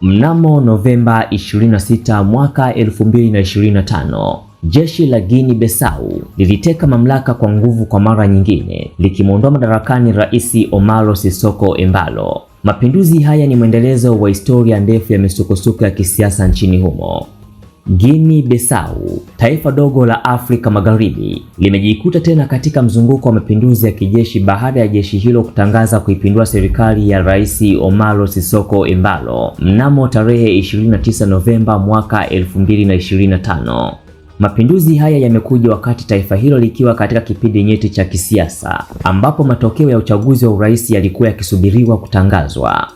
Mnamo Novemba 26 mwaka 2025, jeshi la Guinea Bissau liliteka mamlaka kwa nguvu kwa mara nyingine, likimwondoa madarakani Rais Omaro Sissoco Embalo. Mapinduzi haya ni mwendelezo wa historia ndefu ya misukosuko ya kisiasa nchini humo Guinea Bissau, taifa dogo la Afrika Magharibi, limejikuta tena katika mzunguko wa mapinduzi ya kijeshi baada ya jeshi hilo kutangaza kuipindua serikali ya Rais Omaro Sissoco Embalo mnamo tarehe 29 Novemba mwaka 2025. Mapinduzi haya yamekuja wakati taifa hilo likiwa katika kipindi nyeti cha kisiasa ambapo matokeo ya uchaguzi wa urais yalikuwa yakisubiriwa kutangazwa.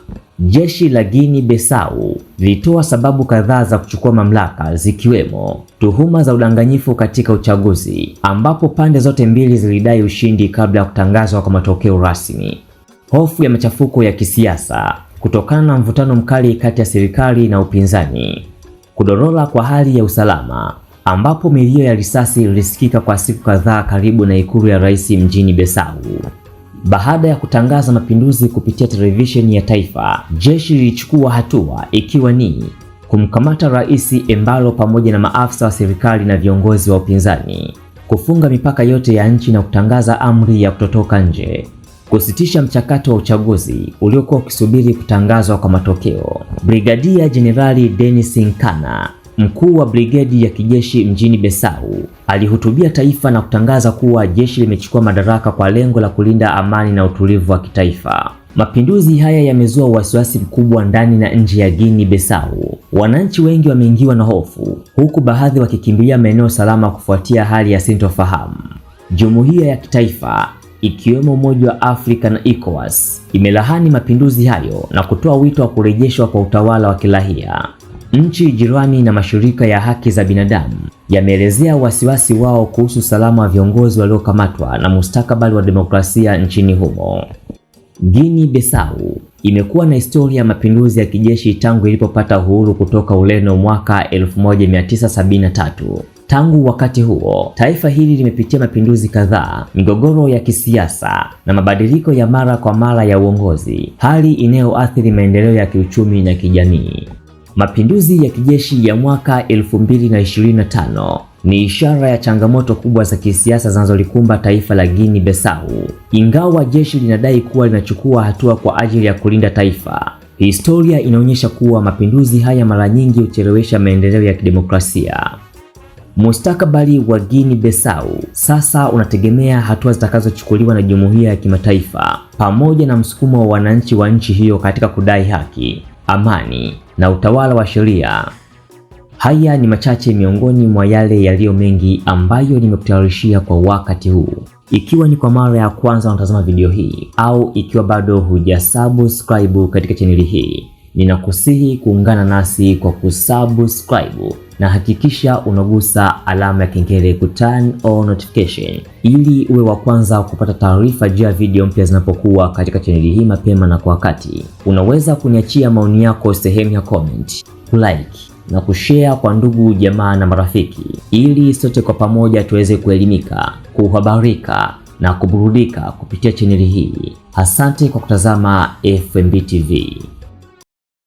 Jeshi la Guinea Bissau lilitoa sababu kadhaa za kuchukua mamlaka zikiwemo tuhuma za udanganyifu katika uchaguzi ambapo pande zote mbili zilidai ushindi kabla ya kutangazwa kwa matokeo rasmi. Hofu ya machafuko ya kisiasa kutokana na mvutano mkali kati ya serikali na upinzani. Kudorora kwa hali ya usalama ambapo milio ya risasi ilisikika kwa siku kadhaa karibu na ikulu ya rais mjini Bissau. Baada ya kutangaza mapinduzi kupitia televisheni ya taifa, jeshi lilichukua hatua ikiwa ni kumkamata Rais Embalo pamoja na maafisa wa serikali na viongozi wa upinzani, kufunga mipaka yote ya nchi na kutangaza amri ya kutotoka nje, kusitisha mchakato wa uchaguzi uliokuwa ukisubiri kutangazwa kwa matokeo. Brigadia Jenerali Dennis Nkana Mkuu wa brigedi ya kijeshi mjini Besau alihutubia taifa na kutangaza kuwa jeshi limechukua madaraka kwa lengo la kulinda amani na utulivu wa kitaifa. Mapinduzi haya yamezua wasiwasi mkubwa ndani na nje ya Guinea Bissau. Wananchi wengi wameingiwa na hofu, huku baadhi wakikimbilia maeneo salama kufuatia hali ya sintofahamu. Jumuiya ya kitaifa ikiwemo Umoja wa Afrika na ECOWAS imelahani mapinduzi hayo na kutoa wito wa kurejeshwa kwa utawala wa kiraia. Nchi jirani na mashirika ya haki za binadamu yameelezea wasiwasi wao kuhusu usalama wa viongozi waliokamatwa na mustakabali wa demokrasia nchini humo. Guinea Bissau imekuwa na historia ya mapinduzi ya kijeshi tangu ilipopata uhuru kutoka Ureno mwaka 1973. Tangu wakati huo, taifa hili limepitia mapinduzi kadhaa, migogoro ya kisiasa na mabadiliko ya mara kwa mara ya uongozi, hali inayoathiri maendeleo ya kiuchumi na kijamii. Mapinduzi ya kijeshi ya mwaka 2025 ni ishara ya changamoto kubwa za kisiasa zinazolikumba taifa la Guinea Bissau. Ingawa jeshi linadai kuwa linachukua hatua kwa ajili ya kulinda taifa, historia inaonyesha kuwa mapinduzi haya mara nyingi huchelewesha maendeleo ya kidemokrasia. Mustakabali wa Guinea Bissau sasa unategemea hatua zitakazochukuliwa na jumuiya ya kimataifa pamoja na msukumo wa wananchi wa nchi hiyo katika kudai haki amani na utawala wa sheria. Haya ni machache miongoni mwa yale yaliyo mengi ambayo nimekutayarishia kwa wakati huu. Ikiwa ni kwa mara ya kwanza unatazama video hii au ikiwa bado hujasubscribe katika chaneli hii, ninakusihi kuungana nasi kwa kusubscribe na hakikisha unagusa alama ya kengele ku turn on notification ili uwe wa kwanza kupata taarifa juu ya video mpya zinapokuwa katika chaneli hii mapema na kwa wakati. Unaweza kuniachia maoni yako sehemu ya comment, kulike na kushare kwa ndugu jamaa na marafiki, ili sote kwa pamoja tuweze kuelimika, kuhabarika na kuburudika kupitia chaneli hii. Asante kwa kutazama FMB TV.